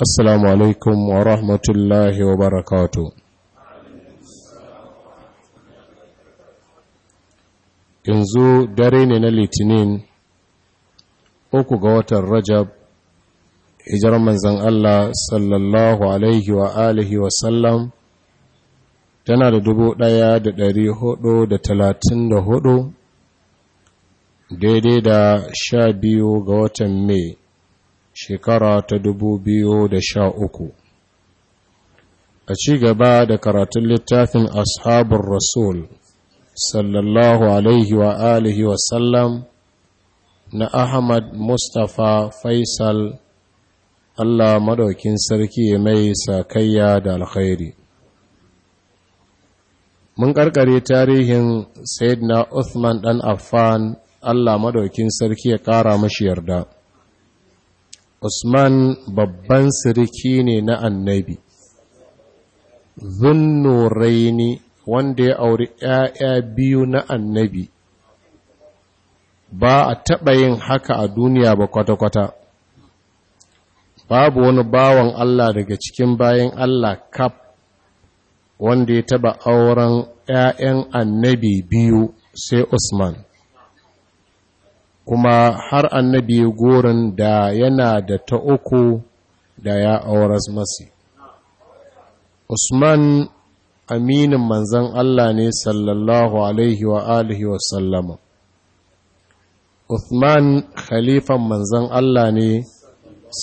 Assalamu alaikum wa rahmatullahi wa barakatu. Yanzu dare ne na Litinin, uku ga watan Rajab, hijar manzan Allah sallallahu tana da dubu ɗaya da ɗari hudu da talatin da hudu, daidai da sha biyu ga watan Mai. shekara ta dubu biyu da sha uku. a ci gaba da karatun littafin ashabun rasul sallallahu alaihi wa alihi wasallam na ahmad mustapha faisal allah madaukin sarki mai sakayya da alkhairi mun ƙarƙare tarihin sayyidina uthman ɗan affan allah madaukin sarki ya ƙara mashi yarda Usman babban siriki ne na annabi, zunnuraini wanda ya auri ‘ya'ya biyu na annabi, ba a taɓa yin haka a duniya ba kwata-kwata, babu wani bawan Allah daga cikin bayan Allah kaf wanda ya taɓa auren ‘ya'yan annabi biyu sai Usman. kuma har annabi goron da yana da ta uku da ya auras masi usman aminin manzan Allah ne sallallahu alaihi wa alihi wa sallama Uthman khalifan manzan Allah ne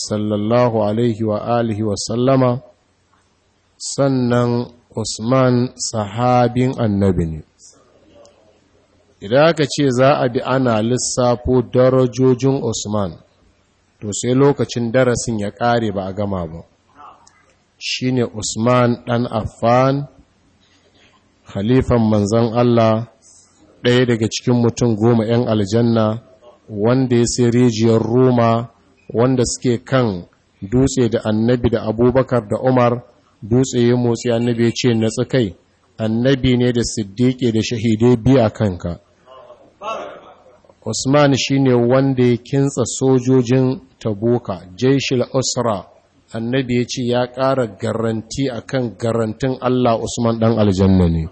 sallallahu alaihi wa alihi wa sallama sannan Usman sahabin annabi ne idan aka ce za a bi ana lissafo darajojin Usman to sai lokacin darasin ya kare ba a gama ba shine Usman ɗan Affan khalifan manzon Allah ɗaya daga cikin mutum goma 'yan aljanna wanda ya sai rijiyar Roma wanda suke kan dutse da annabi da abubakar da Umar dutse ya motsi annabi ya ce na tsakai annabi ne da siddiƙi da shahidai biya kanka Usman shine wanda ya kintsa sojojin Tabuka, Jaishil Usra, annabi ya ce ya ƙara garanti akan garantin Allah Usman ɗan aljanna ne.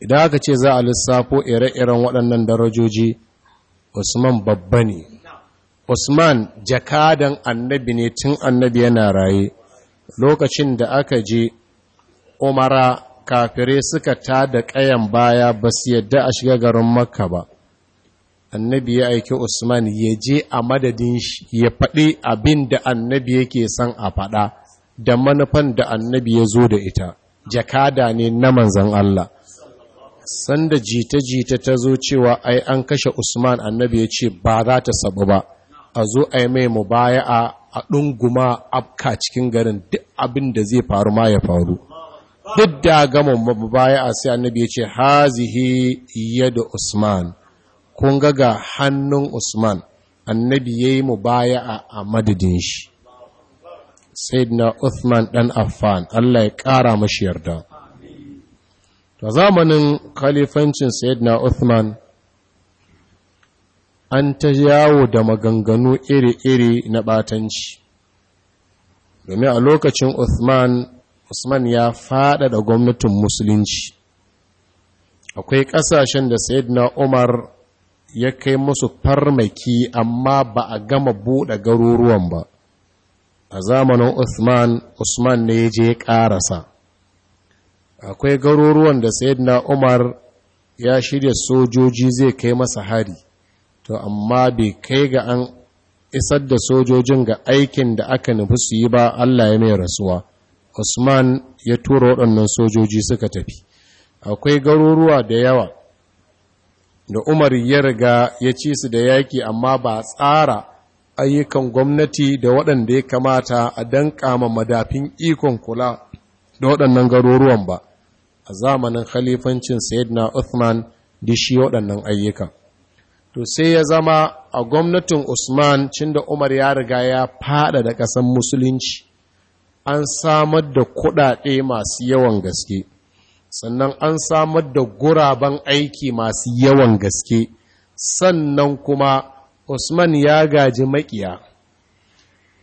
Idan aka ce za a lissafo ire-iren waɗannan darajoji, Usman babba ne. Usman jakadan annabi ne tun annabi yana raye, lokacin da aka je umara kafirai suka ta da ƙayan baya ba su yadda a shiga garin makka ba annabi ya aiki usman ya je a madadin shi ya faɗi abin da annabi yake son a faɗa da manufan da annabi ya zo da ita jakada ne na manzan Allah sanda jita-jita ta zo cewa ai an kashe usman annabi ya ce ba za ta sabu ba a zo a yi mai mubaya a ɗunguma afka cikin garin duk abin da zai faru ma ya faru duk da gama baya a sai annabi ya ce hazihi yadda usman kun ga hannun usman annabi ya yi mu baya a madadin shi sayyidina Usman dan affan allah ya kara mashi yarda ta zamanin khalifancin sayyidina Usman, an ta yawo da maganganu iri-iri na batanci domin a lokacin Usman. usman ya da gwamnatin musulunci akwai ƙasashen da na umar ya kai musu farmaki amma ba a gama buɗe garuruwan ba a zamanin Usman, Usman ne ya je ƙarasa akwai garuruwan da na Umar ya shirya sojoji zai kai masa hari to amma bai kai ga an isar da sojojin ga aikin da aka nufi su yi ba Allah ya mai rasuwa Usman ya tura waɗannan sojoji suka tafi akwai garuruwa da yawa da Umar ya riga ya ci su da yaƙi amma ba tsara ayyukan gwamnati da waɗanda ya kamata a ma madafin ikon kula da waɗannan garuruwan ba a zamanin khalifancin Sayyidina Uthman da shi waɗannan ayyuka to sai ya zama a gwamnatin Usman cinda Umar ya riga ya fada da ƙasan musulunci an samar da kuɗaɗe masu yawan gaske sannan an samar da guraben aiki masu yawan gaske sannan kuma usman ya gaji makiya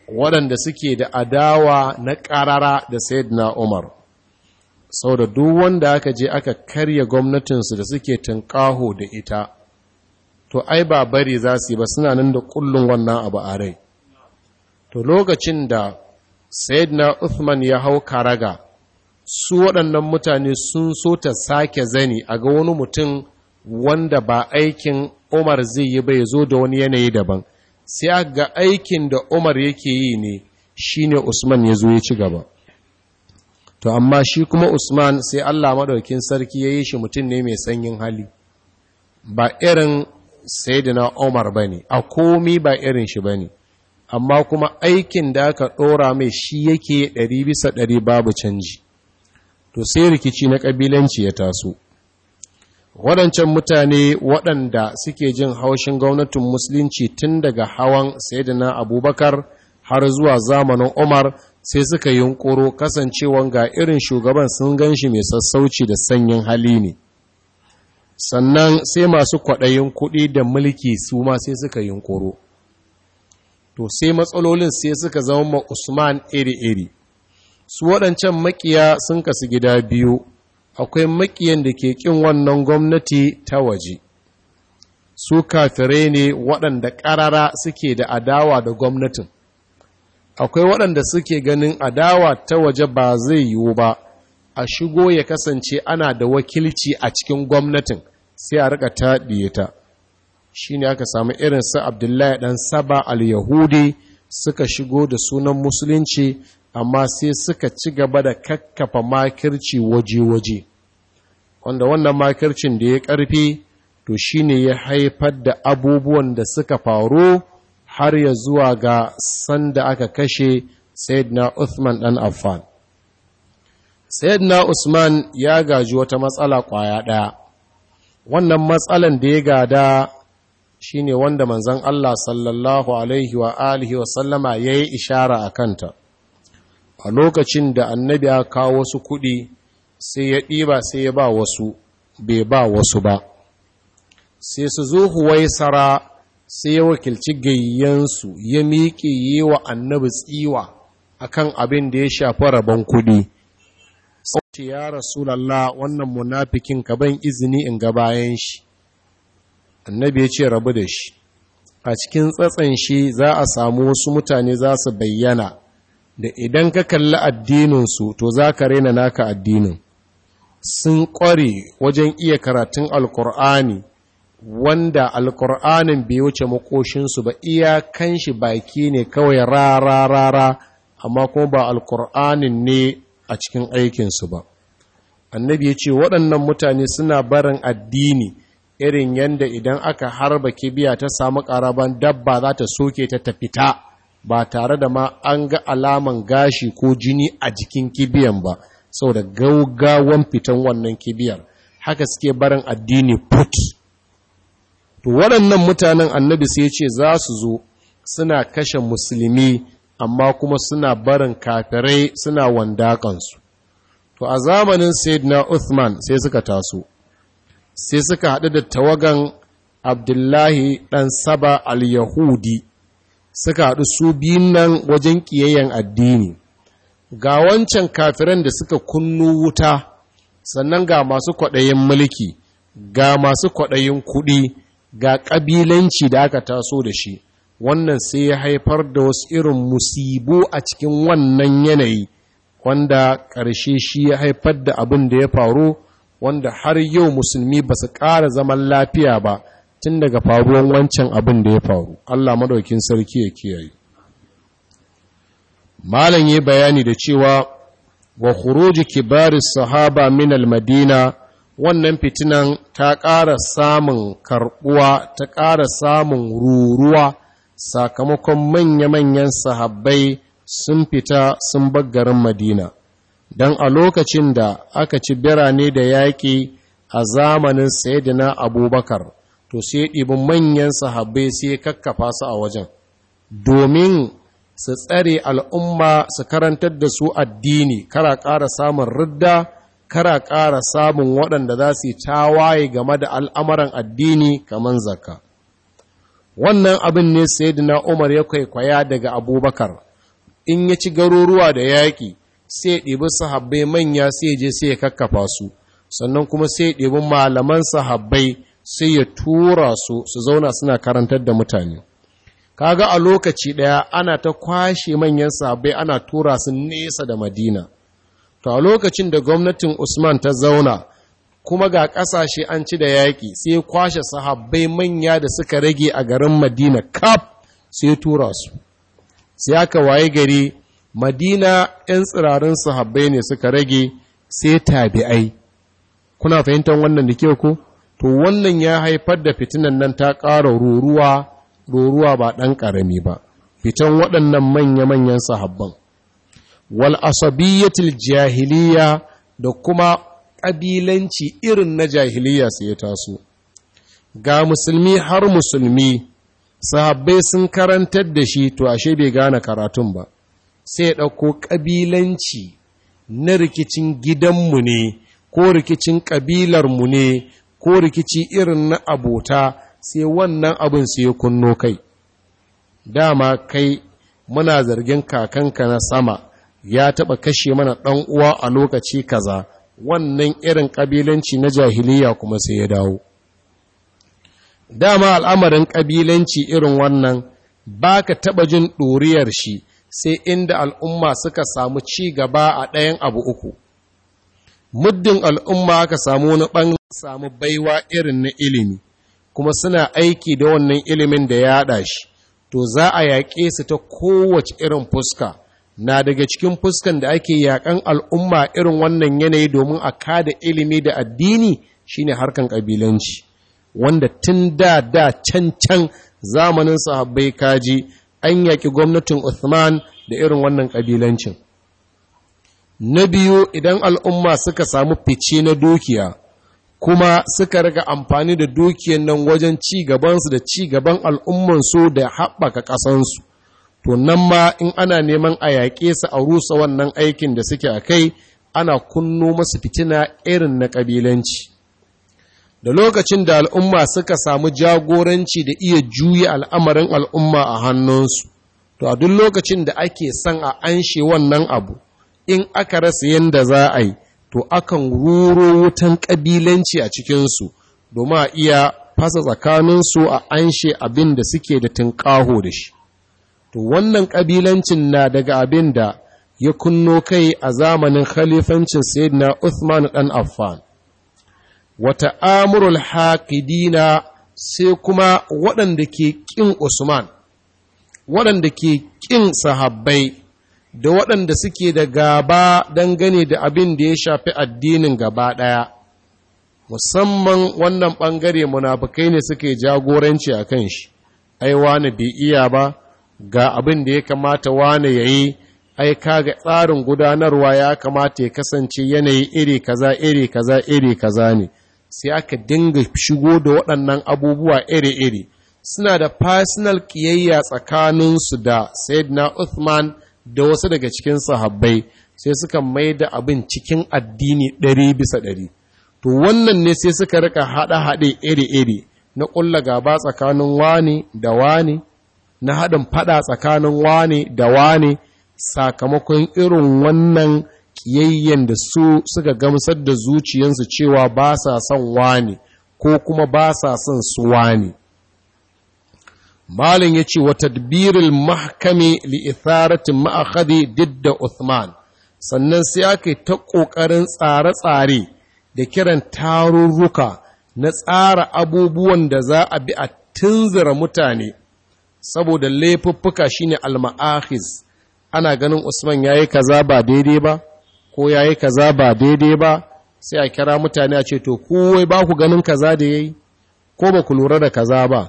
waɗanda suke da adawa na ƙarara da sayyidina umar sau da duk wanda aka je aka karya gwamnatinsu da suke tunƙaho da ita to ai ba bari za su yi ba suna nan da kullum wannan abu a rai to lokacin da sayyidina Uthman ya hau karaga su waɗannan mutane sun so ta sake zani a ga wani mutum wanda ba aikin Umar zai yi bai zo da wani yanayi daban sai ga aikin da Umar yake yi ne shine Usman ya zo ya ci gaba to amma shi kuma Usman sai Allah madaukin sarki ya yi shi mutum ne mai sanyin hali ba irin sayyidina Umar bane a komi ba irin shi bane amma kuma aikin da aka ɗora mai shi yake ɗari bisa ɗari babu canji to sai rikici na ƙabilanci ya taso waɗancan mutane waɗanda suke jin haushin gwamnatin musulunci tun daga hawan sayyidina abubakar har zuwa zamanin umar sai suka yunƙuro kasancewan ga irin shugaban sun gan shi mai sassauci da sanyin hali ne sannan sai masu kwaɗayin kuɗi da mulki su ma sai suka yunƙuro to sai matsalolin sai suka zama ma usman iri-iri su waɗancan makiya sun kasu gida biyu akwai makiyan da ke ƙin wannan gwamnati ta waje su kafirai ne waɗanda ƙarara suke da adawa da gwamnatin akwai waɗanda suke ganin adawa ta waje ba zai yiwu ba a shigo ya kasance ana da wakilci a cikin gwamnatin sai a rika taɗiye ta ne aka samu irin su Abdullahi ɗan Saba al-Yahudi suka shigo da sunan musulunci amma sai suka ci gaba da kakkafa makirci waje-waje wanda wannan makircin da ya karfi to shi ne ya haifar da abubuwan da suka faru har ya zuwa ga sanda aka kashe Sayyidina Uthman ɗan Affan Sayyidina Usman ya gaji wata matsala kwaya ɗaya wannan matsalan da ya gada Shi ne wanda manzon Allah sallallahu alaihi wa alihi wa sallama yayi ishara a kanta a lokacin da annabi ya kawo wasu kuɗi sai ya ɗiba sai ya ba wasu bai ba wasu ba sai su zo huwaisara sai ya wakilci gayyansu ya miƙe yi wa annabi tsiwa a kan abin da ya shafi rabon kuɗi sauce ya rasu rasulallah wannan munafikin ka ban izini in ga bayan shi annabi ya ce rabu da shi a cikin tsatsan shi za a samu wasu mutane za su bayyana da idan ka kalli addininsu to za ka raina naka addinin sun ƙware wajen iya karatun alkur'ani wanda alkur'anin bai wuce makoshinsu ba iyakan shi baki ne kawai rara-rara amma kuma ba alkur'anin ne a cikin aikinsu ba annabi ya ce waɗannan mutane suna barin addini irin yadda idan aka harba kibiya ta samu ƙaraban dabba za ta soke ta ta fita ba tare da ma an ga alaman gashi ko jini a jikin kibiyan ba saboda gaugawan fitan wannan kibiyar haka suke barin addini put to waɗannan mutanen annabi sai ce za su zo suna kashe musulmi amma kuma suna barin kafirai suna wandakansu to a zamanin sayyidina Uthman sai suka taso sai suka haɗu da tawagan abdullahi ɗan saba al-yahudi suka haɗu su biyun nan wajen ƙiyayyen addini ga wancan kafiran da suka kunnu wuta sannan ga masu kwaɗayin mulki ga masu kwaɗayin kuɗi ga ƙabilanci da aka taso da shi wannan sai ya haifar da wasu irin musibu a cikin wannan yanayi wanda ƙarshe shi ya haifar da abin da ya faru wanda har yau musulmi ba su ƙara zaman lafiya ba tun daga faruwan wancan abin da ya faru Allah madaukin sarki ya kiyaye malam yi bayani da cewa wa khuruji kibaris sahaba min al-madina wannan fitinan ta ƙara samun karɓuwa, ta ƙara samun ruruwa sakamakon manya-manyan sahabbai sun fita sun bar garin madina don a lokacin da aka ci birane da yaƙi a zamanin saidina abubakar to sai ɗibin manyan sahabbai sai kakkafa su a wajen domin su tsare al'umma su karantar da su addini kara ƙara samun ridda kara ƙara samun waɗanda za su yi tawaye game da al'amuran addini kamar zaka wannan abin ne saidina umar ya kwaikwaya daga abubakar in ya ci garuruwa da yaƙi sai ɗibi sahabbai manya sai je sai ya kakkafa su sannan kuma sai ɗibi malaman sahabbai sai ya tura su su zauna suna karantar da mutane kaga a lokaci ɗaya ana ta kwashe manyan sahabbai ana tura su nesa da madina to a lokacin da gwamnatin usman ta zauna kuma ga ƙasashe an ci da yaƙi sai kwashe sahabbai manya da suka rage a garin madina kaf sai tura su sai aka waye gari madina 'yan tsirarin sahabbai ne suka rage sai tabi'ai kuna fahimtar wannan da kyau ko to wannan ya haifar da fitinan nan ta ƙara roruwa roruwa ba ɗan ƙarami ba fitan waɗannan manya-manyan sahabban wal asabiyyatul jahiliya da kuma ƙabilanci irin na jahiliya sai ya taso ga musulmi har musulmi sahabbai sun karantar da shi to ashe bai gane karatun ba sai ya ɗauko ƙabilanci na rikicin gidanmu ne ko rikicin ƙabilarmu ne ko rikici irin na abota sai wannan abin sai ya kunno kai dama kai muna zargin kakanka na sama ya taɓa kashe mana ɗan uwa a lokaci kaza wannan irin ƙabilanci na jahiliya kuma sai ya dawo dama al'amarin ƙabilanci irin wannan ba ka taɓa jin ɗoriyar shi sai inda al'umma suka samu ci gaba a ɗayan abu uku muddin al'umma aka samu wani ɓangare samu baiwa irin na ilimi kuma suna aiki da wannan ilimin da ya haɗa shi to za a yaƙe su ta kowace irin fuska na daga cikin fuskan da ake yaƙan al'umma irin wannan yanayi domin a kada ilimi da addini shine harkan ƙabilanci wanda tun da da can can zamanin sahabbai kaji an yaƙi gwamnatin Uthman da irin wannan ƙabilancin. Na biyu idan al'umma suka samu fice na dukiya, kuma suka riga amfani da dukiyan nan wajen ci gabansu da ci gaban al'ummansu da haɓaka ƙasansu, to nan ma in ana neman a yaƙe su a rusa wannan aikin da suke a kai, ana kunno masu fitina irin na ƙabilanci. da lokacin da al'umma suka samu jagoranci da iya juya al'amarin al'umma a hannunsu to a duk lokacin da ake son a anshe wannan abu in aka rasa yadda za a yi to akan ruro wutan ƙabilanci a cikinsu domin a iya fasa tsakaninsu a anshe abin da suke da tunƙaho da shi to wannan ƙabilancin na daga abin da ya kunno kai a zamanin khalifancin sayyidina Uthman ɗan Affan wata amurul haƙidina sai kuma waɗanda ke ƙin Usman, waɗanda ke ƙin sahabbai, da waɗanda suke da gaba dangane da abin da ya shafi addinin gaba ɗaya, musamman wannan ɓangare munafukai ne suke jagoranci a kan shi, ai, wani bai iya ba, ga abin da ya kamata wani ya yi, ai, kaga tsarin gudanarwa ya kamata ya kasance yanayi iri kaza, iri kaza, iri kaza ne. sai aka dinga shigo da waɗannan abubuwa iri-iri suna da personal kiyayya tsakaninsu da Said na Uthman da wasu daga cikin sahabbai sai suka mai da abin cikin addini ɗari bisa ɗari to wannan ne sai suka rika haɗa haɗe iri-iri na ƙulla gaba tsakanin wani da wani na haɗin faɗa tsakanin wani da wani sakamakon irin wannan ƙiyayyen da su suka gamsar da zuciyansu cewa ba sa son wani ko kuma ba sa son su wani malin ya ce wa tadbirin mahkami li ma'akadi ma'akhadi didda Uthman sannan sai aka yi ta ƙoƙarin tsare-tsare da kiran tarurruka na tsara abubuwan da za a bi a tunzura mutane saboda laifuffuka shine al ana ganin Usman ya yi kaza ba daidai ba ko ya yi kaza ba daidai ba sai a kira mutane a ce to kowai ba ku ganin kaza da ya yi ko ba ku lura da kaza ba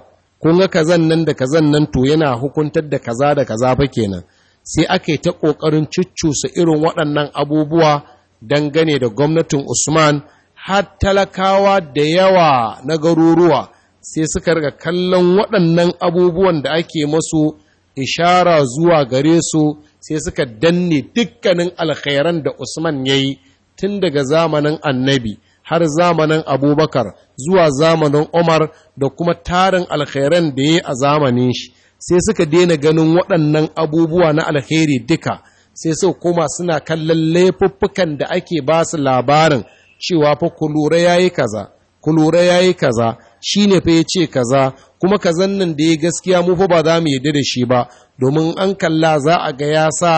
kun ga kazan nan da kazan nan to yana hukuntar da kaza da kaza ba kenan sai aka yi ta ƙoƙarin cuccusa irin waɗannan abubuwa dangane da gwamnatin usman har talakawa da yawa na garuruwa sai suka riga kallon waɗannan abubuwan da ake masu ishara zuwa gare su sai suka danne dukkanin alkhairan da Usman ya yi tun daga zamanin annabi har zamanin abubakar zuwa zamanin Umar da kuma tarin alkhairan da ya yi a zamanin shi sai suka daina ganin waɗannan abubuwa na alkhairi duka sai su koma suna kallon laifuffukan da ake ba su labarin cewa fa kulura ya kaza kulura ya yi kaza shi ne fa ya ce kaza kuma kazan nan da ya gaskiya mu fa ba za mu yarda da shi ba domin an kalla za a ga ya sa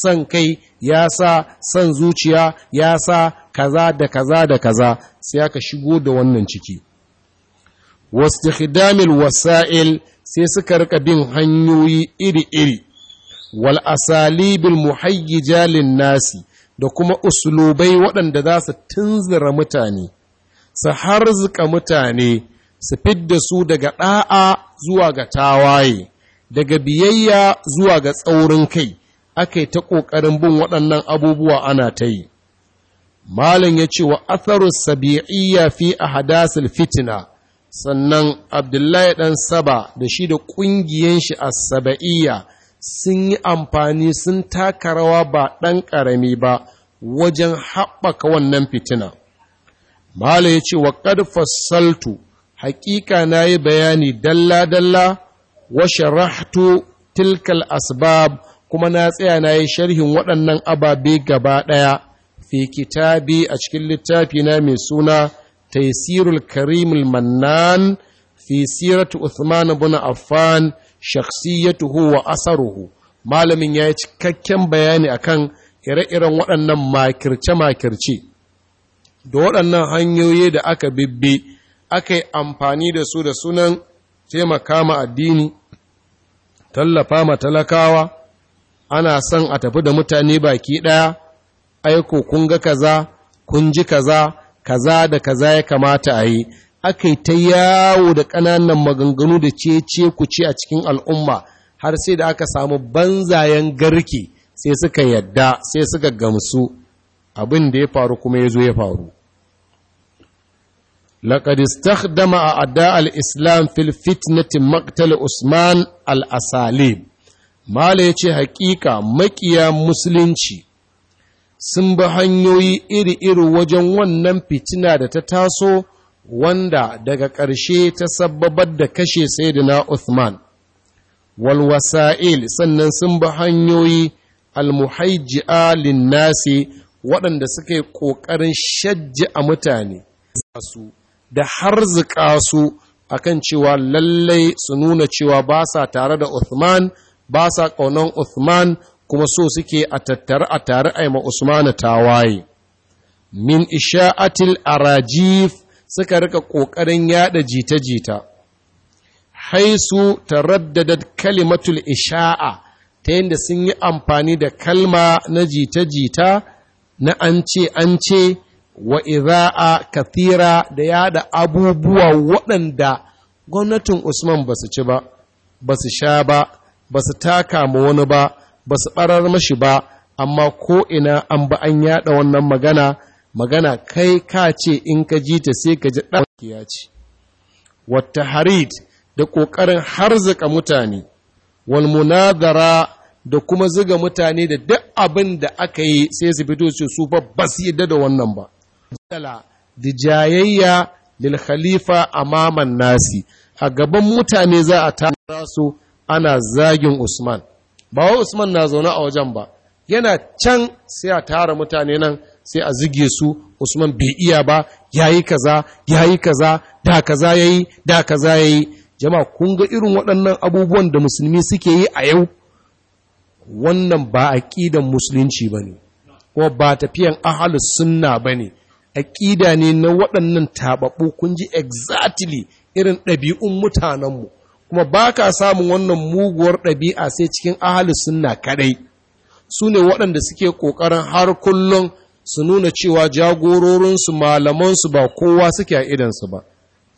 son kai ya sa son zuciya ya sa kaza da kaza da kaza sai aka shigo da wannan ciki wastikhdamil wasa'il sai suka rika bin hanyoyi iri-iri wal asalibil muhayyija lin nasi da kuma usulubai waɗanda za su tunzura mutane su harzuka mutane su fidda su daga ɗa'a zuwa ga tawaye, daga biyayya zuwa ga tsaurin kai, aka yi ta ƙoƙarin bin waɗannan abubuwa ana ta yi. Malin ya ce wa atharus sabi'iyya fi a hadasil fitina, sannan Abdullahi ɗan Saba da shi da ƙungiyan shi a saba'iyya sun yi amfani sun taka rawa ba ɗan ƙarami ba wajen haɓaka wannan fitina. Malin ya ce wa ƙarfa saltu haƙiƙa na yi bayani dalla-dalla wa sharahtu tilkal asbab kuma na tsaya na yi sharhin waɗannan ababe gaba ɗaya fi kitabi a cikin littafi na mai suna taisirul karimul mannan fi siratu uthman bin affan shakhsiyatuhu wa asaruhu malamin ya yi cikakken bayani akan ire-iren waɗannan makirce-makirce da waɗannan hanyoyi da aka bibbi aka yi amfani da su da sunan taimaka ma addini tallafa ma talakawa ana son a tafi da mutane baki ɗaya aiko kun ga kaza kun ji kaza kaza da kaza ya kamata a yi aka yi ta yawo da ƙananan maganganu da ce-ce ku ce a cikin al'umma har sai da aka samu banzayen garki sai suka yadda sai suka gamsu abin da ya faru kuma ya zo ya faru لقد استخدم أعداء الإسلام في الفتنة مقتل عثمان الأساليب ما yace حقيقة مكيا مسلنشي sun bi hanyoyi iri-iri wajen wannan fitina da ta taso wanda daga ƙarshe ta sabbabar da kashe Sayyidina Uthman. Walwasa'il sannan sun bi hanyoyi almuhajji'a linnasi waɗanda suka yi ƙoƙarin shajji a mutane da harzuka su a kan cewa lallai su nuna cewa ba sa tare da Uthman ba sa ƙaunan Uthman kuma so suke a tattara a tare a ma Usman tawaye min isha'atil arajif suka rika ƙoƙarin yada jita-jita haisu ta raddada kalimatul isha'a ta yadda sun yi amfani da kalma na jita-jita na an ce an ce wa iza'a kathira da yada abubuwa waɗanda gwamnatin Usman ba su ci ba, ba su sha ba, ba su taka ma wani ba, ba su ɓarar mashi ba, amma ko ina an ba an yada wannan magana, magana kai ka ce in ka ji ta sai ka ji ya ce. Wata harid da ƙoƙarin harzuka mutane, wal munazara da kuma zuga mutane da duk abin da aka yi sai su fito ce su ba ba su yadda da wannan ba. jala da jayayya lil khalifa amaman nasi a gaban mutane za a tara su ana zagin Usman ba wai Usman na zaune a wajen ba yana can sai a tara mutane nan sai a zige su Usman bai iya ba yayi kaza yayi kaza da kaza yayi da kaza yayi jama'a kun ga irin waɗannan abubuwan da musulmi suke yi a yau wannan ba aqidan musulunci bane ko ba tafiyan ahlus sunna bane aƙida ne na waɗannan taɓaɓɓu kun ji exactly irin ɗabi'un mutanenmu kuma ba ka samun wannan muguwar ɗabi'a sai cikin ahalus sunna kaɗai su ne waɗanda suke ƙoƙarin har kullum su nuna cewa jagororinsu malamansu ba kowa suke a idansu ba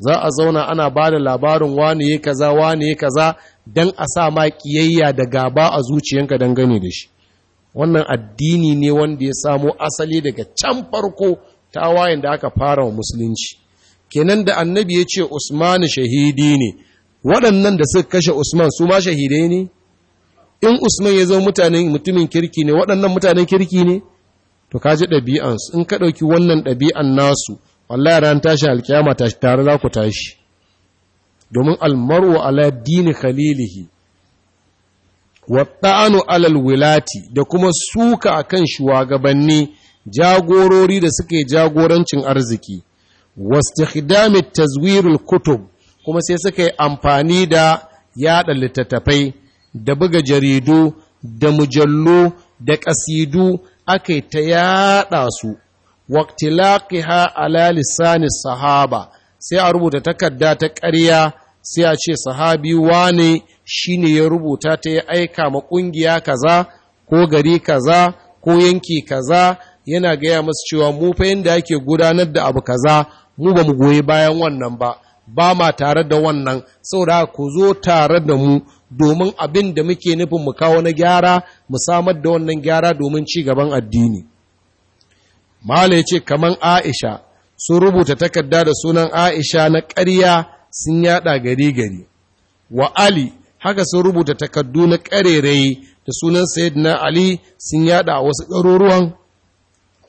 za a zauna ana ba da labarin wani ya kaza wani ya kaza don a sa ma ƙiyayya da gaba a zuciyanka dangane da shi wannan addini ne wanda ya samo asali daga can farko tawayen da aka fara wa musulunci kenan da annabi ya ce usmanu shahidi ne waɗannan da suka kashe usman su ma shahidai ne in usman ya zama mutanen mutumin kirki ne waɗannan mutanen kirki ne to ka ji ɗabi'ansu in ka ɗauki wannan ɗabi'an nasu wallahi ran tashi alkiyama tashi tare za ku tashi domin almaru ala dini khalilihi wa ta'anu alal wilati da kuma suka akan shugabanni jagorori da suke jagorancin arziki wastikhdami tazwirul kutub kuma sai suka yi amfani da yada littattafai da buga jaridu da mujallu da kasidu aka yi ta yada su waqtilaqiha ala lisani sahaba sai a rubuta takarda ta ƙarya sai a ce sahabi wane shine ya rubuta ta ya aika ma ƙungiya kaza ko gari kaza ko yanki kaza yana gaya masu cewa mu fa yanda ake gudanar da abu kaza mu ba mu goyi bayan wannan ba ba ma tare da wannan saboda ku zo tare da mu domin abin da muke nufin mu kawo na gyara mu samar da wannan gyara domin ci gaban addini mala ya ce kaman aisha sun rubuta takarda da sunan aisha na ƙarya sun yada gari gari wa ali haka sun rubuta takardu na ƙarerayi da sunan na ali sun yada a wasu ɗaruruwan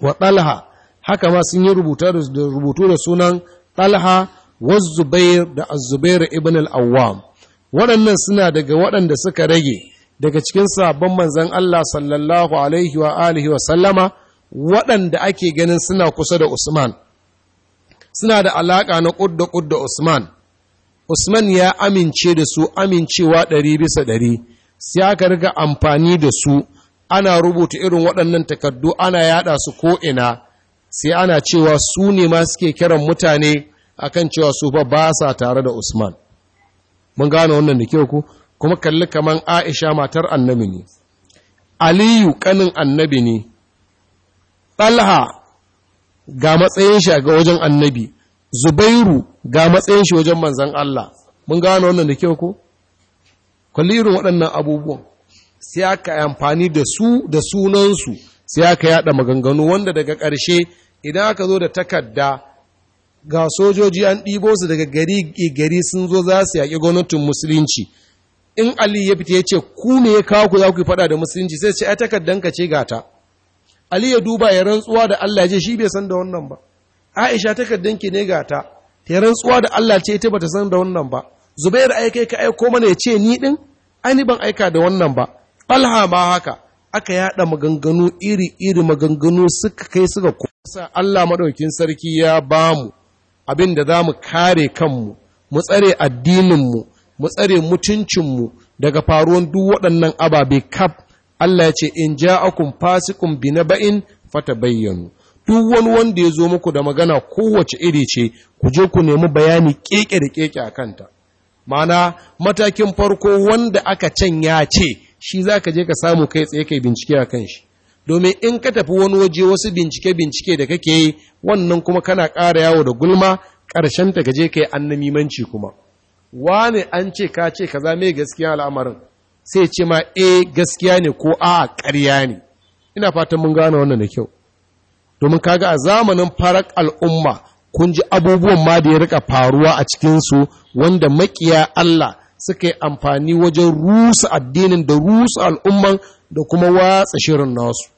wa ɗalha haka ma sun yi rubutu da sunan ɗalha wa zubair da Azubairu ibn al'awwam waɗannan suna daga waɗanda suka rage daga cikin sabon manzan Allah sallallahu alaihi wa alihi wa sallama waɗanda ake ganin suna kusa da Usman suna da alaƙa na ƙudda ƙudda Usman Usman ya amince da su amincewa ɗari bisa ɗari sai aka riga amfani da su ana rubuta irin waɗannan takardu ana yada su ko'ina sai ana cewa su ne ma suke kiran mutane akan cewa su ba ba sa tare da Usman. Mun gane wannan da kyau ku, kuma kalli kaman Aisha matar annabi ne, Aliyu kanin annabi ne, Ɗalha ga matsayin shi ga wajen annabi, Zubairu ga matsayin shi wajen manzan Allah. Mun gane wannan da kyau ku? Kalli irin waɗannan abubuwan. sai aka yi amfani da su da sunansu sai aka yada maganganu wanda daga ƙarshe idan aka zo da takarda ga sojoji an ɗibo su daga gari gari sun zo za su yaƙi gwamnatin musulunci in ali ya fita ya ce ku me ya kawo ku za ku faɗa da musulunci sai ce ai takardan ka ce gata ali ya duba ya rantsuwa da Allah ya ce shi bai san da wannan ba Aisha ki ne gata ta rantsuwa da Allah ce ita bata san da wannan ba Zubair ai kai ka aiko mana ya ce ni din ai ni ban aika da wannan ba talha ma haka aka yada maganganu iri-iri maganganu suka kai suka kusa Allah maɗaukin sarki ya ba mu abin da za mu kare kanmu mu tsare addininmu mu tsare mutuncinmu daga faruwan duk waɗannan ababe kaf Allah ya ce in ja akun fasikun bi fata bayyanu. duk wani wanda ya zo muku da magana kowace iri ce ku je ku nemi bayani keke da keke a kanta Ma'ana matakin farko wanda aka can ya ce shi za ka je ka samu kai tsaye kai bincike a kan shi domin in ka tafi wani waje wasu bincike-bincike da kake yi wannan kuma kana ƙara yawo da gulma ƙarshen ta gaje ka yi annamimanci kuma wani an ce ka ce kaza mai gaskiya al'amarin sai ce ma e gaskiya ne ko a ƙarya ne ina fatan mun gane wannan da kyau domin kaga a zamanin farak al'umma kun ji abubuwan ma da ya riƙa faruwa a cikinsu wanda makiya Allah suka yi amfani wajen rusa addinin da rusa al'umman da kuma watsa shirin nasu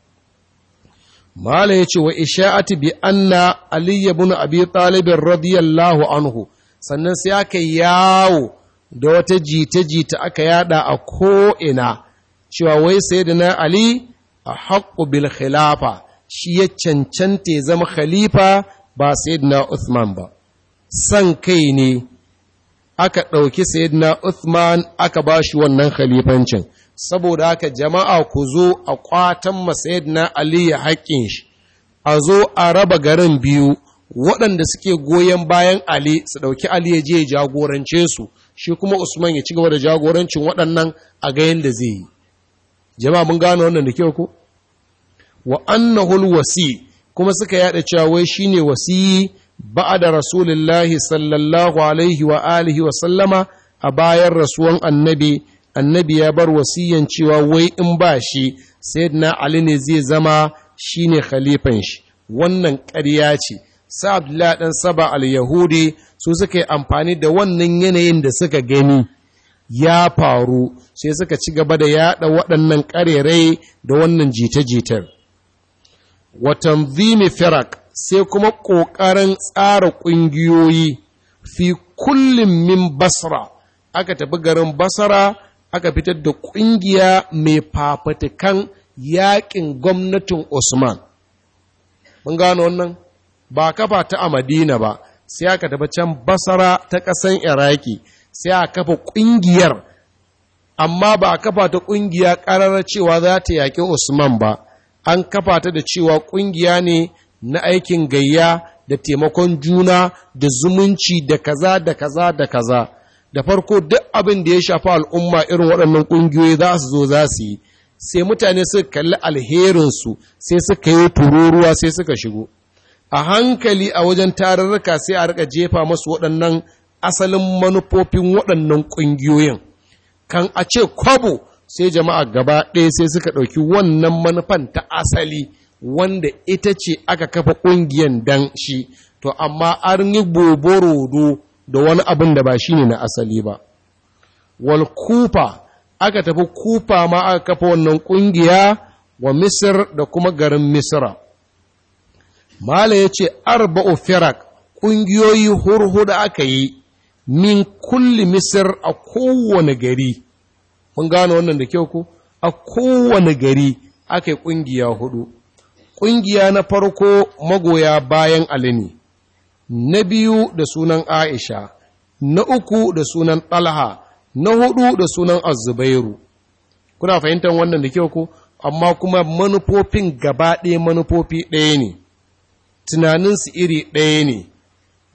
mala ya ce wa isha'ati bi anna ali ibn abi talibin radiyallahu anhu sannan sai aka yawo da wata jita-jita aka yada a ko'ina cewa wai na ali a haƙƙo bil khilafa shi ya cancanta ya zama khalifa ba na Uthman ba san kai ne aka ɗauki sayidina Uthman aka ba shi wannan khalifancin saboda haka jama'a ku zo a kwatan ma sayyidina Ali ya haƙƙin shi a zo a raba garin biyu waɗanda suke goyon bayan Ali su ɗauki Ali ya je jagorance su shi kuma Usman ya ci gaba da jagorancin waɗannan a ga yanda zai yi jama'a mun gano wannan da kyau ko wa annahul wasi kuma suka yada cewa wai shine wasi. ba'da rasulillahi sallallahu alaihi wa alihi wa sallama a bayan rasuwan annabi annabi ya bar wasiyan cewa wai in ba shi sayyidina ali ne zai zama shine khalifan shi wannan ƙarya ce Sa'ad abdullahi saba al-yahudi su suka yi amfani da wannan yanayin da suka gani ya faru sai suka ci gaba da yada waɗannan ƙarerai da wannan jita-jitar watan zimi firak sai kuma ƙoƙarin tsara ƙungiyoyi fi kullum min basra aka tafi garin basra aka fitar da ƙungiya mai fafatikan yaƙin gwamnatin Usman. Mun gano wannan? Ba kafa ta a Madina ba, sai aka tafi can basara ta ƙasan Iraki, sai a kafa ƙungiyar, amma ba a kafa ta ƙungiya ƙararra cewa za ta yaƙi Usman ba, an kafa ta da cewa ƙungiya ne na aikin gayya da taimakon juna da zumunci da kaza da kaza da kaza da farko duk abin da ya shafi al'umma irin waɗannan ƙungiyoyi za su zo za su yi sai mutane suka kalli alherinsu sai suka yi tururuwa sai suka shigo a hankali a wajen tarurruka sai a rika jefa masu waɗannan asalin manufofin waɗannan ƙungiyoyin kan a ce kwabo sai jama'a gaba ɗaya sai suka ɗauki wannan manufan ta asali wanda ita ce aka kafa ƙungiyar dan shi to amma an yi boborodo da wani abin da ba shi ne na asali ba wal kufa aka tafi kufa ma aka kafa wannan ƙungiya wa misir da kuma garin misira mala ya ce arba'u firak ƙungiyoyi hurhuda aka yi min kulli misir a kowane gari mun gano wannan da kyau ku a kowane gari aka yi ƙungiya hudu ƙungiya na farko magoya bayan Ali na biyu da sunan Aisha, na uku da sunan Ɗalha, na hudu da sunan Azubairu. Kuna fahimtar wannan da kyau ko? Amma kuma manufofin gaba ɗaya manufofi ɗaya ne, tunaninsu iri ɗaya ne,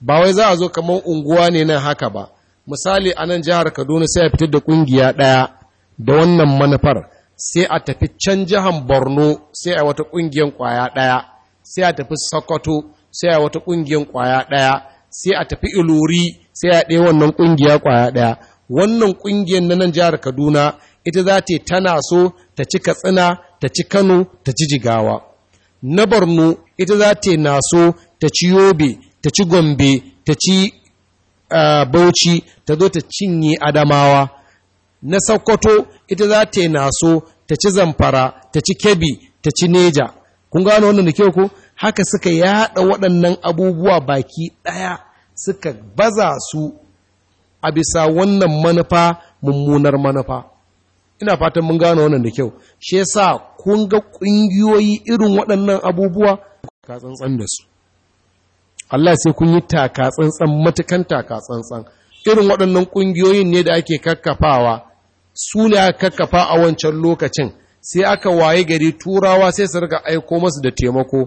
ba wai za a zo kamar unguwa ne nan haka ba. Misali a nan jihar Kaduna sai a fitar da ƙungiya ɗaya da wannan manufar. sai a tafi can jihan borno sai a wata ƙungiyar ƙwaya ɗaya sai a tafi sokoto sai a wata ƙungiyar ƙwaya ɗaya sai a tafi ilori sai a ɗaya wannan ƙungiya ƙwaya ɗaya wannan ƙungiyar na nan jihar kaduna ita za ta tana so ta ci katsina ta ci kano ta ci jigawa na borno ita za ta na so ta ci yobe ta ci gombe ta ci eh, bauchi ta zo ta cinye adamawa na Sokoto ita za ta yi naso ta ci zamfara ta ci kebi ta ci neja kun gano wannan da kyau ko haka suka yada waɗannan abubuwa baki ɗaya suka baza su a bisa wannan manufa mummunar manufa ina fatan mun gano wannan da kyau shi yasa kun ga ƙungiyoyi irin waɗannan abubuwa ka tsantsan da su Allah sai kun yi taka tsantsan matukan taka tsantsan irin waɗannan ƙungiyoyin ne da ake kakkafawa su ne aka kakkafa a wancan lokacin sai aka waye gari turawa sai su rika aiko masu da taimako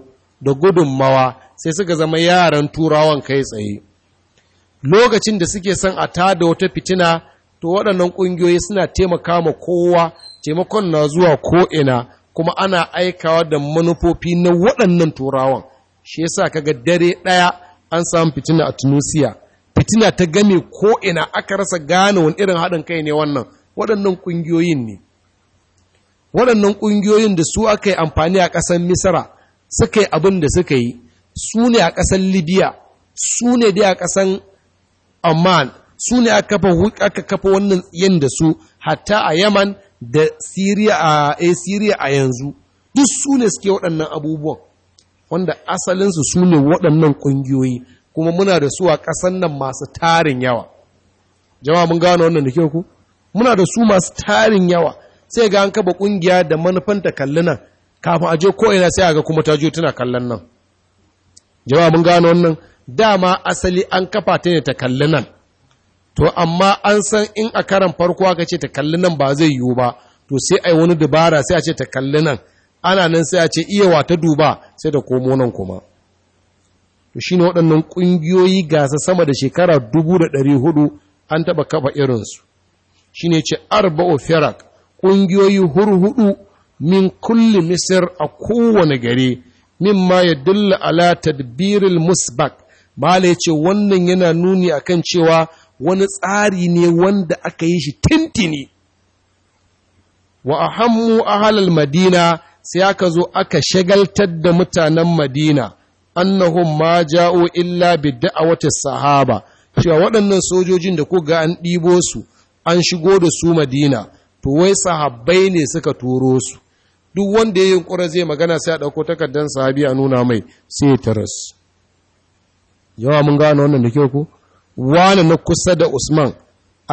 da gudunmawa sai suka zama yaran turawan kai tsaye lokacin da suke son a tada wata fitina to waɗannan ƙungiyoyi suna taimaka ma kowa taimakon na zuwa ko'ina kuma ana aikawa da manufofi na waɗannan turawan shi yasa kaga dare ɗaya an samu fitina a tunisia fitina ta game ko'ina aka rasa gane wani irin haɗin kai ne wannan waɗannan ƙungiyoyin ne waɗannan ƙungiyoyin da su aka yi amfani a ƙasar misira suka yi abin da suka yi su ne a ƙasar libya su ne dai a ƙasar amman su ne aka kafa wannan yin da su hatta a yaman da eh, siriya a yanzu duk su ne suke waɗannan abubuwan wanda asalinsu su ne waɗannan ƙungiyoyi kuma muna da su a ƙasan nan masu tarin yawa jama'a mun gano wannan da kyau ku muna da su masu tarin yawa sai ga an kaba kungiya da manufanta kalli nan kafin aje ko'ina sai a ga kuma ta tana kallon nan jama'a mun gano wannan dama asali an kafa ta ne ta kalli nan to amma an san in a karan farko aka ce ta kalli nan ba zai yiwu ba to sai ai wani dubara sai a ce ta kalli nan ana nan sai a ce iyawa ta duba sai ta komo nan kuma to shine waɗannan ƙungiyoyi gasa sama da shekara dubu da ɗari hudu an taɓa kafa irin su. ne ce arba'u firak ƙungiyoyi hurhudu min kulli misir a kowane gari mimma ya dilla ala tadbiril musbak bala ya ce wannan yana nuni a kan cewa wani tsari ne wanda aka yi shi tintini wa a a ahalal madina sai aka zo aka shagaltar da mutanen madina annahum ma ja'u illa bi da'awati sahaba cewa waɗannan sojojin da ku ga an ɗibo su an shigo da su madina to wai sahabbai ne suka turo su duk wanda ya yi yunkura zai magana sai a ɗauko takardar sahabi a nuna mai sai ya taras yawa mun gano wannan da kyau ko wani na kusa da usman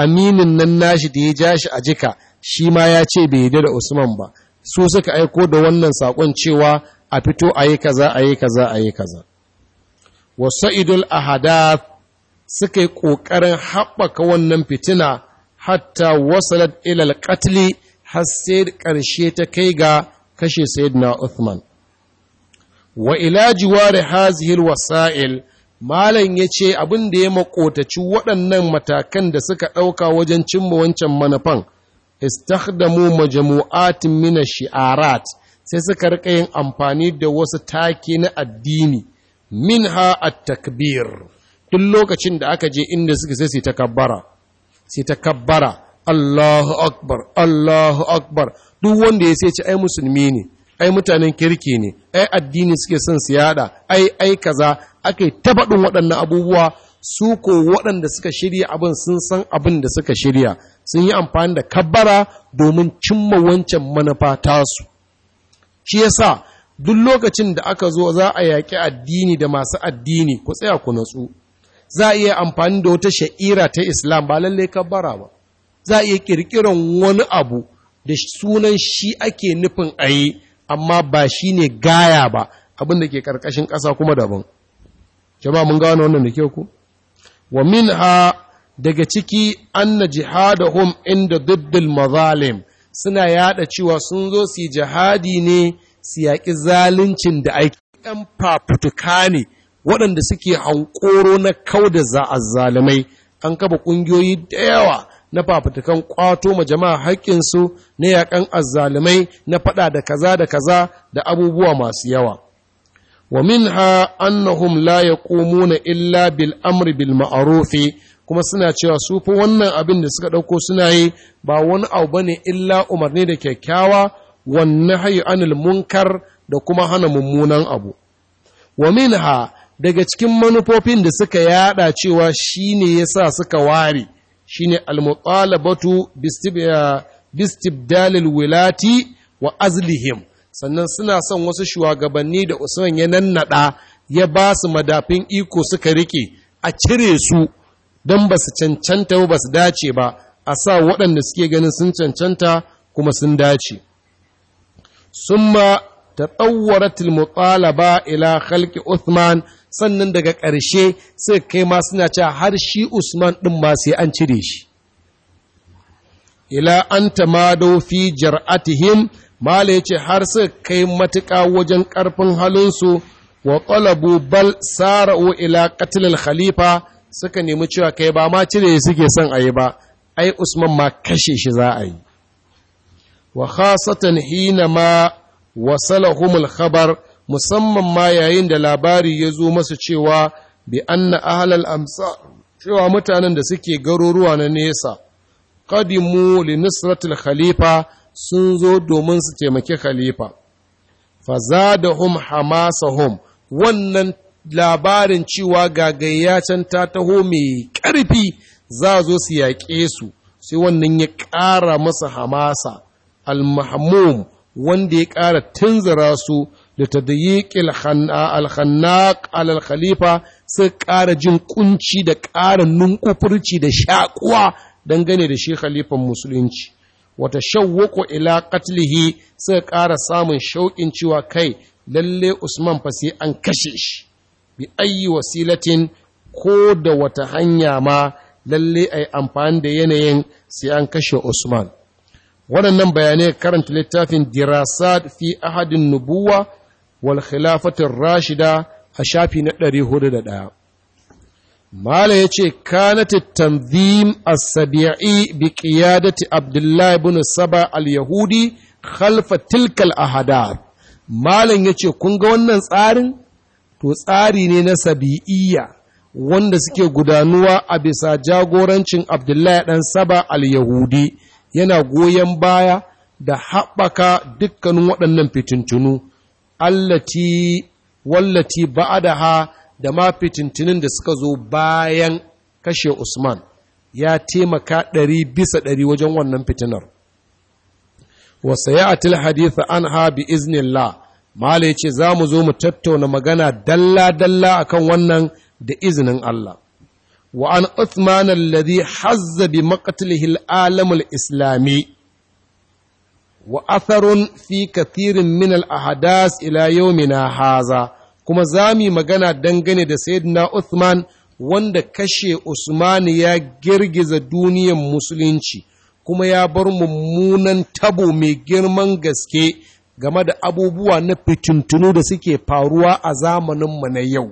aminin nan nashi da ya ja shi a jika shi ma ya ce bai yi da usman ba su suka aiko da wannan saƙon cewa a fito a yi kaza a yi kaza a yi kaza wasu idul hada suka yi ƙoƙarin haɓaka wannan fitina hatta wasalat ilal katli har sai ƙarshe ta kai ga kashe sayyidina Uthman. Wa ila jiwari hazihil wasa'il, Malam ya ce abin da ya makotaci waɗannan matakan da suka ɗauka wajen cimma wancan manufan, istakhdamu majamu'atin mina shi'arat sai suka riƙa yin amfani da wasu take na addini, minha at-takbir, duk lokacin da aka je inda suka sai su takabbara. sai ta kabbara Allahu akbar Allahu akbar duk wanda ya sai ci ai musulmi ne ai mutanen kirki ne ai addini suke son su yada ai ai kaza akai ta faɗin waɗannan abubuwa su ko waɗanda suka shirya abin sun san abin da suka shirya sun yi amfani da kabbara domin cimma wancan manufa tasu shi yasa duk lokacin da aka zo za a yaƙi addini da masu addini ku tsaya ku natsu za a iya amfani da wata sha'ira ta islam ba lallai bara ba za a iya ƙirƙiran wani abu da sunan shi ake nufin a yi amma ba shi ne gaya ba abin da ke ƙarƙashin ƙasa kuma daban jama'a mun gano wannan da ke ku wa min ha daga ciki anna jihadahum inda diddil mazalim suna yada cewa sun zo su jihadi ne su yaƙi zaluncin da ake ɗan fafutuka ne waɗanda suke hankoro na kau da zalimai an kafa ƙungiyoyi da yawa na fafutukan ƙwato ma jama'a haƙƙinsu na yaƙan azzalumai na faɗa da kaza da kaza da abubuwa masu yawa wa minha annahum la na illa bil amri bil ma'ruf kuma suna cewa su fa wannan abin da suka ɗauko suna yi ba wani abu bane illa umarni da kyakkyawa wannan nahyi anil munkar da kuma hana mummunan abu wa minha daga cikin manufofin da suka yada cewa shi ne ya sa suka ware shi ne Bistib bistibdalil wilati wa azlihim sannan suna son wasu shugabanni da usman ya nannaɗa ya ba su madafin iko suka rike a cire su don ba su cancanta ba su dace ba a sa waɗanda suke ganin sun cancanta kuma sun dace summa tatawwaratil mutalaba ila khalqi Uthman sannan daga ƙarshe sai kai ma suna cewa har shi usman ɗin ma sai an cire shi ila an tamado fi jar'atihim mala ce har sai kai matuka wajen ƙarfin halinsu wa ƙwalabu bal sara'u ila ƙatilal khalifa suka nemi cewa kai ba ma cire suke son a yi ba ai usman ma kashe shi za a yi wa khasatan hina ma wasalahumul al khabar musamman ma yayin da labari ya zo masa cewa bi anna ahlal amsa cewa mutanen da suke garuruwa na nesa qadimu li nusratil khalifa sun zo domin su taimaki khalifa fazadahum hamasahum wannan labarin cewa ga can ta taho mai ƙarfi za zo su yaƙe su sai wannan ya ƙara masa hamasa al-mahmum wanda ya ƙara tunzura su da tadayyiq al-khannaq khalifa sai ƙara jin kunci da ƙara nunkufurci da shakuwa dangane da shi khalifan musulunci wata shawwako ila qatlihi sai ƙara samun shauƙin cewa kai lalle Usman fa sai an kashe shi bi ayi wasilatin ko da wata hanya ma lalle ai amfani da yanayin sai an kashe Usman waɗannan bayanai karanta littafin dirasat fi ahadin nubuwa wal khilafatir rashida a shafi na 401 mala yace kanat tanzim as-sabi'i bi qiyadati abdullah ibn saba al-yahudi khalfa tilkal al Malam malan yace kun ga wannan tsarin to tsari ne na sabi'iyya wanda suke gudanuwa a bisa jagorancin abdullahi ɗan saba al-yahudi yana goyon baya da haɓaka dukkanin waɗannan fitintunu allati wallati ba'adaha da ma fitintinin da suka zo bayan kashe Usman ya taimaka ɗari bisa ɗari wajen wannan fitinar. Wasa ya atil haditha an ha bi iznillah, Mala ya ce za mu zo mu tattauna magana dalla-dalla a kan wannan da izinin Allah. Wa an Uthman alladhi hazza bi maqtalihi al-alamul islami wa atharun fi kathirin min al-ahadas ila yawmina haza kuma zami magana dangane da sayyidina Usman, wanda kashe Usman ya girgiza duniyar musulunci kuma ya bar mummunan tabo mai girman gaske game da abubuwa na fitintunu da suke faruwa a zamaninmu na yau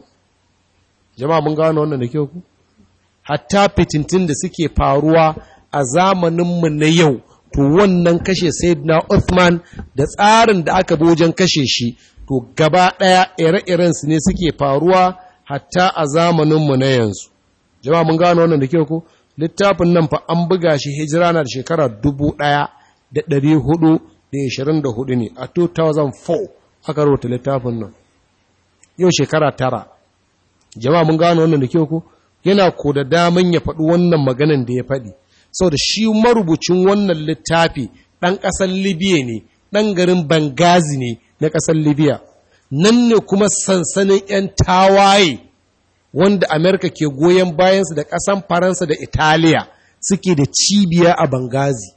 jama'a mun gano wannan da kyau ku hatta fitintun da suke faruwa a zamaninmu na yau to wannan kashe na Uthman da tsarin da aka wajen kashe shi to gaba ɗaya ire-iren su ne suke faruwa hatta a zamaninmu na yanzu jama'a mun gano wannan da ke ku littafin nan fa an buga shi hijira na da shekara 1424 ne a 2004 aka rubuta littafin nan yau shekara tara jama'a mun gano wannan da ke ku yana ko da daman ya faɗi wannan maganan da ya faɗi saboda shi marubucin wannan littafi ɗan ƙasar libya ne ɗan garin bangazi ne na ƙasar libya nan ne kuma sansanin 'yan tawaye wanda amerika ke goyon bayansu da ƙasan faransa da italiya suke da cibiya a bangazi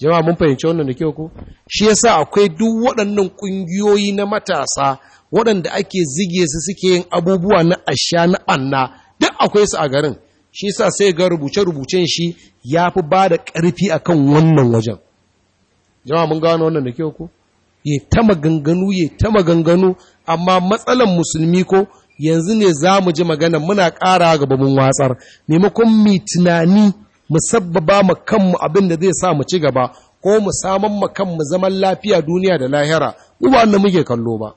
jama'a mun fahimci wannan da kyau ko shi yasa akwai duk waɗannan ƙungiyoyi na matasa waɗanda ake zige su suke yin abubuwa na asha na anna duk akwai su a garin shi sa sai ga rubuce-rubucen shi ya fi ba da ƙarfi a kan wannan wajen jama'a mun gano wannan da kyau ko ya ta maganganu ya ta maganganu amma matsalan musulmi ko yanzu ne za mu ji magana muna ƙara gaba mun watsar maimakon mai tunani mu sabbaba mu kanmu abin da zai sa mu ci gaba ko mu saman mu kanmu zaman lafiya duniya da lahira mu ba muke kallo ba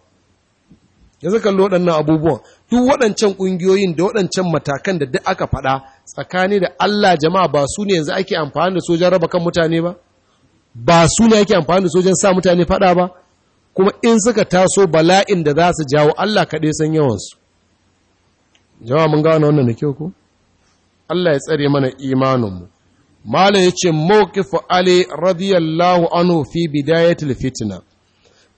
yanzu kallo waɗannan abubuwan duk waɗancan ƙungiyoyin da waɗancan matakan da duk aka faɗa tsakani da Allah jama'a ba su ne yanzu ake amfani da sojan raba kan mutane ba ba su ne ake amfani da sojan sa mutane faɗa ba kuma in suka taso bala'in da za su jawo Allah kaɗai san yawansu jama'a mun gano wannan da kyau ko Allah ya tsare mana imaninmu mala ya ce mawkifu ali radiyallahu anhu fi bidayatil fitna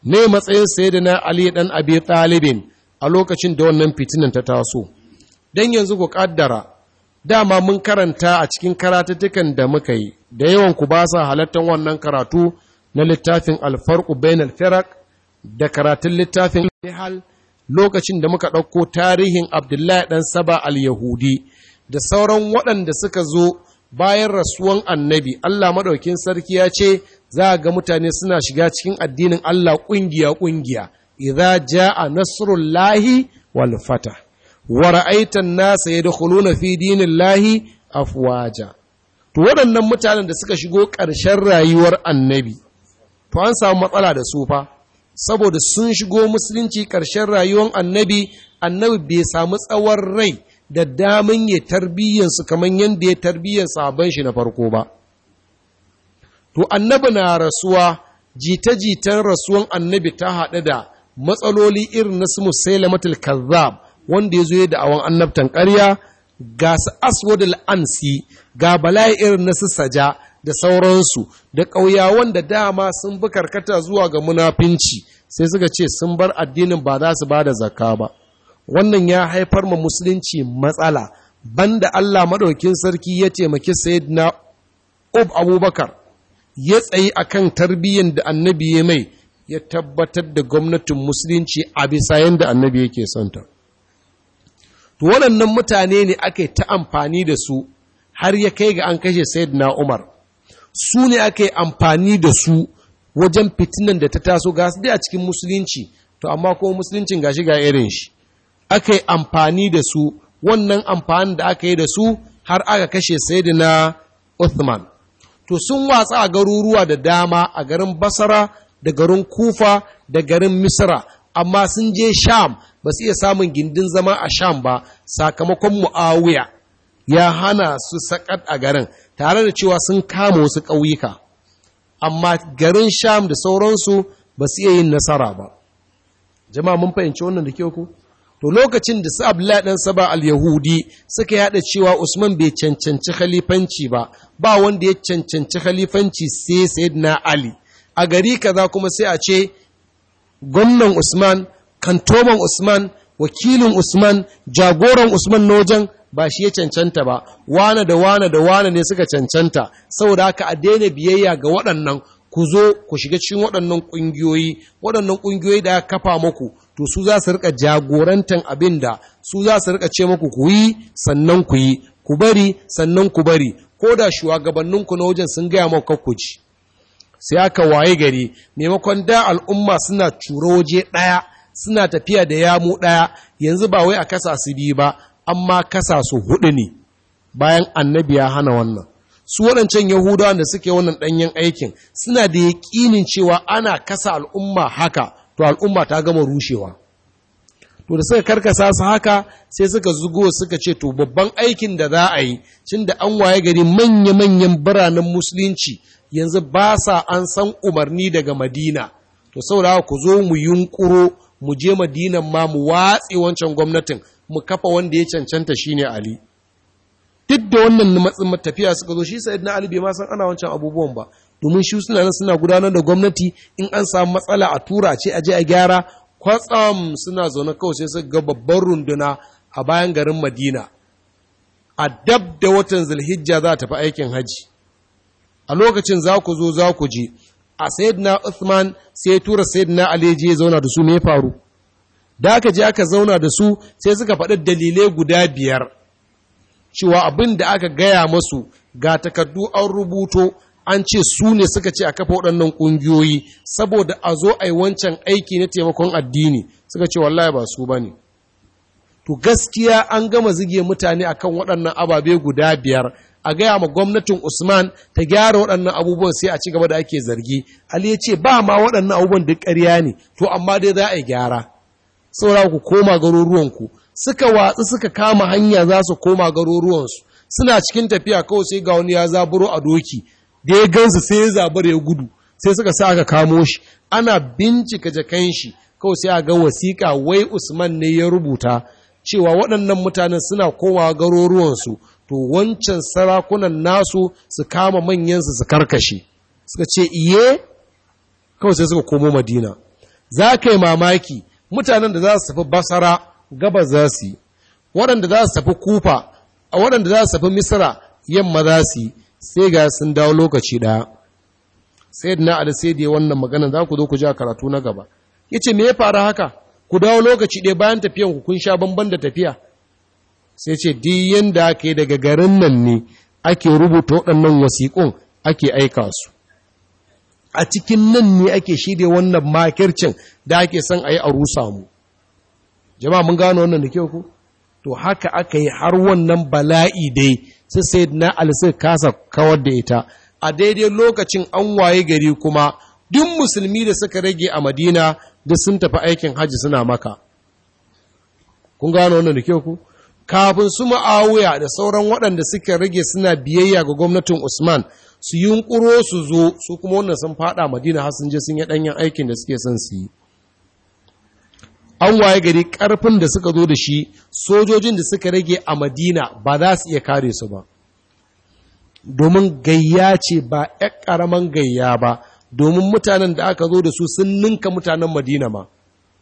ne matsayin sayyidina ali dan abi talibin a lokacin da wannan fitinan ta taso don yanzu ku ƙaddara dama mun karanta a cikin karatattukan da muka yi da yawan ku ba sa wannan karatu na littafin alfarku bainal firak da karatun littafin hal lokacin da muka ɗauko tarihin abdullahi ɗan saba al-yahudi da sauran waɗanda suka zo bayan rasuwan annabi allah maɗaukin sarki ya ce za a ga mutane suna shiga cikin addinin allah ƙungiya-ƙungiya idza jaa nasrullahi wal fatah wa ra'aita an-nasa yadkhuluna fi dinillahi afwaja to waɗannan mutanen da suka shigo ƙarshen rayuwar annabi to an samu matsala da su fa saboda sun shigo musulunci ƙarshen rayuwar annabi annabi bai samu tsawon rai da damin ya tarbiyyansu kamar yadda ya tarbiyyar sabon shi na farko ba to annabi na rasuwa jita-jitan rasuwan annabi ta haɗu da matsaloli irin na su musailamatul kazzab wanda ya zo da awon annabtan ƙarya ga su aswadul ansi ga bala'i irin na su saja da sauransu da ƙauya wanda dama sun bi karkata zuwa ga munafinci sai suka ce sun bar addinin ba za su ba da zakka ba wannan ya haifar ma musulunci matsala banda Allah maɗaukin sarki ya taimaki sayyidina Ob Abubakar ya tsayi akan tarbiyyar da annabi ya mai ya tabbatar da gwamnatin musulunci a bisa yadda annabi yake santa to waɗannan mutane ne ake ta amfani da su har ya kai ga an kashe sayyidina umar su ne ake amfani da su wajen fitinan da ta taso ga dai a cikin musulunci to amma kuma musuluncin gashi ga irin shi Ake amfani da su wannan amfani da aka yi da su har aka kashe sayyidina Uthman to sun watsa a garuruwa da dama a garin basara. da garin kufa da garin misra amma sun je sham ba su iya samun gindin zama a sham ba sakamakon mu'awiya ya hana su sakat a garin tare da cewa sun kama wasu ƙauyuka amma garin sham da sauransu ba su iya yin nasara ba jama'a mun fahimci wannan da kyau ku to lokacin da su abdullahi dan saba al-yahudi suka yada cewa usman bai cancanci khalifanci ba ba wanda ya cancanci khalifanci sai sayyidina ali a gari kaza kuma sai a ce gwamnan usman kantoman usman wakilin usman jagoran usman na wajen ba shi ya cancanta ba wane da wane da wane ne suka cancanta saboda haka a daina biyayya ga waɗannan ku zo ku shiga cikin waɗannan ƙungiyoyi waɗannan ƙungiyoyi da ya kafa muku to su za su rika jagorantan abin da su za su rika ce muku ku yi sannan ku yi ku bari sannan ku bari ko da shugabanninku na wajen sun gaya muku kakku sai aka waye gari maimakon da al'umma suna curo waje ɗaya suna tafiya da yamu ɗaya yanzu ba wai a kasa su biyu ba amma kasa su hudu ne bayan annabi ya hana wannan su waɗancan Yahudawa da suke wannan ɗanyen aikin suna da yaƙinin cewa ana kasa al'umma haka to al'umma ta gama rushewa to da suka karkasa su haka sai suka zugo suka ce to babban aikin da za a yi cin da an waye gari manya-manyan biranen musulunci yanzu ba sa an san umarni daga madina to saboda ku zo mu yunkuro mu je madina ma mu watsi wancan gwamnatin mu kafa wanda ya cancanta shine ali duk da wannan matsin matafiya suka zo shi sayyidina ali bai ma san ana wancan abubuwan ba domin shi suna nan suna gudanar da gwamnati in an samu matsala a tura ce a je a gyara kwatsam suna zaune kawai sai suka ga babban runduna a bayan garin madina a dab da watan zulhijja za ta fi aikin haji a lokacin za ku zo za ku je a sayyidina uthman sai tura sayyidina ali je zauna da su me faru da aka je aka zauna da su sai suka faɗi dalilai guda biyar cewa abin da aka gaya masu ga takardu an rubuto an ce su ne suka ce a kafa waɗannan ƙungiyoyi saboda a zo a yi wancan aiki na taimakon addini suka ce wallahi ba su ba ne to gaskiya an gama zige mutane a kan waɗannan ababe guda biyar a gaya ma gwamnatin usman ta gyara waɗannan abubuwan sai a ci gaba da ake zargi ali ya ce ba ma waɗannan abubuwan duk ƙarya ne to amma dai za a yi gyara saura ku koma garuruwanku suka watsu suka kama hanya za su koma garuruwansu suna cikin tafiya kawai sai ga wani ya zaburo a doki da ya gansu sai ya zabar ya gudu sai suka sa aka kamo shi ana bincika jakan shi kawai sai a ga wasiƙa wai usman ne ya rubuta cewa waɗannan mutanen suna kowa garuruwansu to wancan sarakunan nasu su kama manyansu su karkashe suka ce iye kawai sai suka komo madina za ka yi mamaki mutanen da za su tafi basara gabas za su yi waɗanda za su tafi kufa a waɗanda za su tafi misra yamma za su yi sai ga sun dawo lokaci ɗaya sai na sai da wannan magana za ku zo ku ja karatu na gaba ya ce me ya faru haka ku dawo lokaci ɗaya bayan tafiyan ku kun sha bamban da tafiya sai ce di yanda aka yi daga garin nan ne ake rubuta waɗannan wasiƙun ake aika su a cikin nan ne ake shirya wannan makircin da ake son a yi a rusa mu jama'a mun gano wannan da kyau ku to haka aka yi har wannan bala'i dai su sayyidina ali suka kasa kawar da ita a daidai lokacin an waye gari kuma duk musulmi da suka rage a madina duk sun tafi aikin hajji suna maka kun gano wannan da kyau ku kafin su ma'awuya da sauran waɗanda suka rage suna biyayya ga gwamnatin usman su yunkuro su zo su kuma wannan sun faɗa madina har sun je sun yi ɗanyen aikin da suke son su yi an waye gari ƙarfin da suka zo da shi sojojin da suka rage a madina ba za su iya kare su ba domin gayya ce ba ‘yan ƙaramin gayya ba domin mutanen da aka zo da su sun ninka mutanen madina ma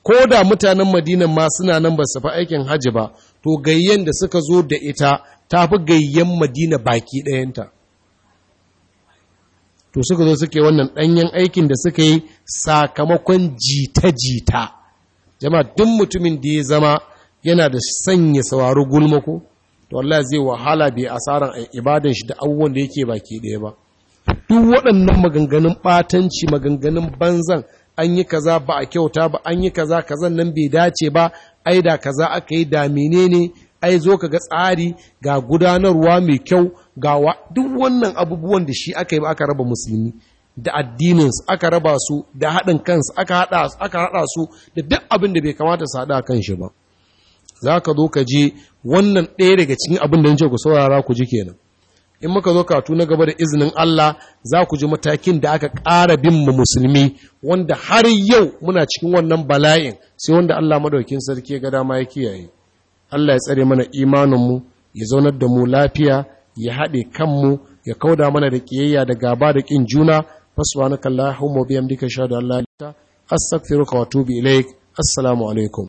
ko da mutanen madina ma suna nan ba su fi aikin hajji ba to gayyen da suka zo da ita ta fi gayyen madina baki ɗayanta to suka zo suke wannan ɗanyen aikin da suka yi sakamakon jita-jita jama'a duk mutumin da ya zama yana da sanya sawaru gulmako, to Allah zai wahala bai asaran ibadan shi da abubuwan da yake baki ɗaya ba duk waɗannan maganganun ɓatanci maganganun banzan an yi kaza ba a kyauta ba an yi kaza kazan nan bai dace ba ai da kaza aka yi da menene ai zo ka ga tsari ga gudanarwa mai kyau ga duk wannan abubuwan da shi aka yi ba aka raba musulmi da addininsu aka raba su da haɗin kansu aka haɗa su da duk abin da bai kamata su haɗa kan shi ba za ka zo ka je wannan ɗaya daga cikin abin da ce ku saurara ku ji kenan in maka zo ka tuna gaba da izinin Allah za ku ji matakin da aka ƙara bin mu musulmi wanda har yau muna cikin wannan bala'in sai wanda Allah madaukin sarki ya ga dama ya kiyaye Allah ya tsare mana imaninmu ya zaunar da mu lafiya ya haɗe kanmu ya kauda mana da kiyayya da gaba da ƙin juna fasbanaka Allahumma biyamdika shahadu an la ilaha illa anta astaghfiruka wa assalamu alaikum